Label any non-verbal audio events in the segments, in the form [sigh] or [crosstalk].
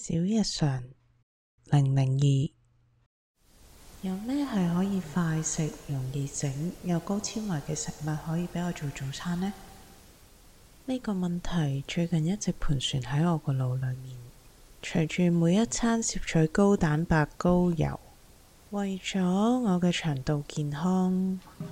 小日常，零零二，有咩係可以快食、容易整又高纖維嘅食物可以畀我做早餐呢？呢個問題最近一直盤旋喺我個腦裏面。隨住每一餐攝取高蛋白、高油，為咗我嘅腸道健康，誒、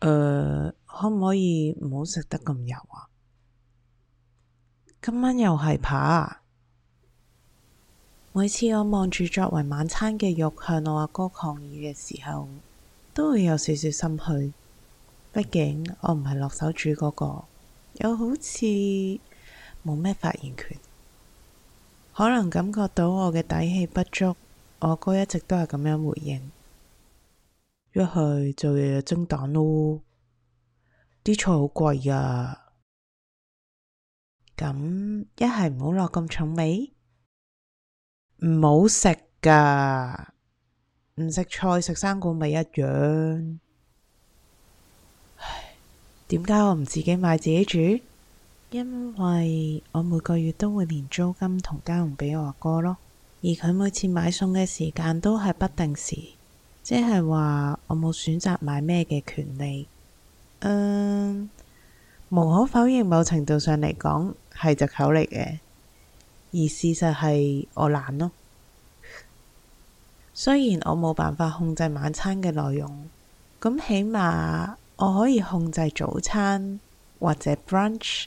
嗯呃，可唔可以唔好食得咁油啊？今晚又係扒。每次我望住作為晚餐嘅肉向我阿哥，哥抗議嘅時候，都會有少少心虛。畢竟我唔係落手煮嗰、那個，又好似冇咩發言權。可能感覺到我嘅底氣不足，我哥一直都係咁樣回應：一係就日日蒸蛋咯。啲菜好貴呀。咁一係唔好落咁重味，唔好食噶，唔食菜食生果咪一樣。唉，點解我唔自己買自己煮？因為我每個月都會連租金同家用畀我阿哥咯，而佢每次買餸嘅時間都係不定時，即係話我冇選擇買咩嘅權利。嗯，無可否認，某程度上嚟講。係借口嚟嘅。而事實係我懶咯。 [laughs] 雖然我冇辦法控制晚餐嘅內容，咁起碼我可以控制早餐或者 brunch。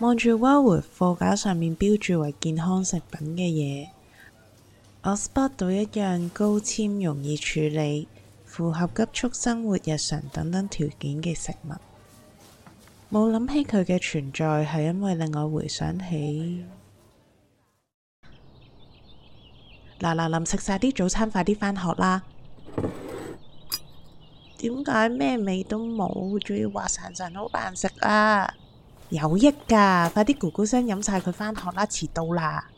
望住 Woolworths 貨架上面標注為健康食品嘅嘢， [laughs] 我 spot 到一樣高纖，容易處理符合急速生活、日常等等條件嘅食物，冇諗起佢嘅存在係因為令我回想起，嗱嗱臨食晒啲早餐，快啲返學啦！點解咩味都冇？仲要滑潺潺，好難食啊！有益㗎，快啲咕咕聲飲晒佢返學啦！遲到啦！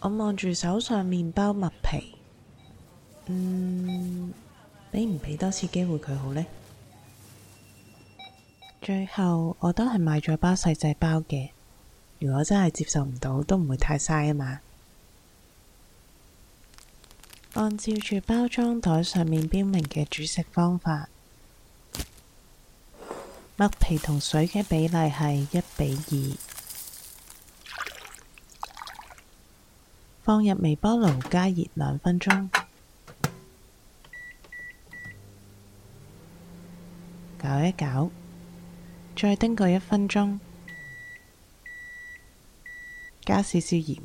我望住手上面包麥皮，嗯，俾唔俾多次機會佢好呢？最後我都係買咗包細細包嘅，如果真係接受唔到，都唔會太嘥啊嘛。按照住包裝袋上面標明嘅煮食方法，麥皮同水嘅比例係一比二。放入微波爐加熱兩分鐘，攪一攪，再叮個一分鐘，加少少鹽，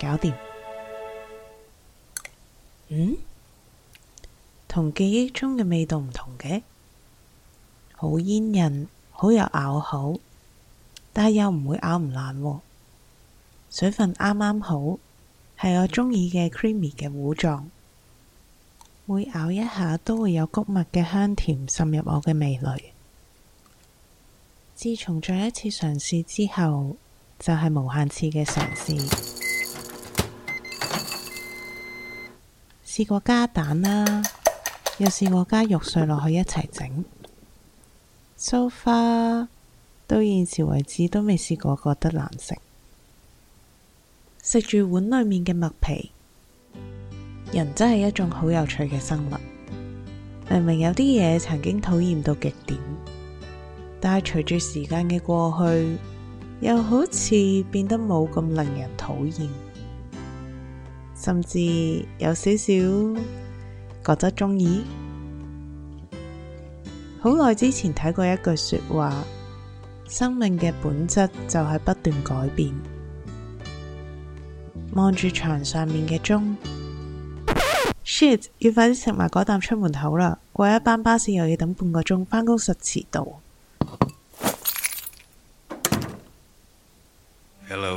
搞掂。嗯，同記憶中嘅味道唔同嘅，好煙韌，好有咬口，但係又唔會咬唔爛喎。水分啱啱好，係我中意嘅 creamy 嘅糊狀，每咬一下都會有谷物嘅香甜滲入我嘅味蕾。自從再一次嘗試之後，就係、是、無限次嘅嘗試，試過加蛋啦，又試過加肉碎落去一齊整，So far，到現時為止都未試過覺得難食。食住碗裏面嘅麥皮，人真係一種好有趣嘅生物。明明有啲嘢曾經討厭到極點，但係隨住時間嘅過去，又好似變得冇咁令人討厭，甚至有少少覺得中意。好耐之前睇過一句說話：「生命嘅本質就係不斷改變。」望住牆上面嘅鐘 [noise] ，shit，要快啲食埋嗰啖出門口啦！過一班巴士又要等半個鐘，返工實遲到。Hello,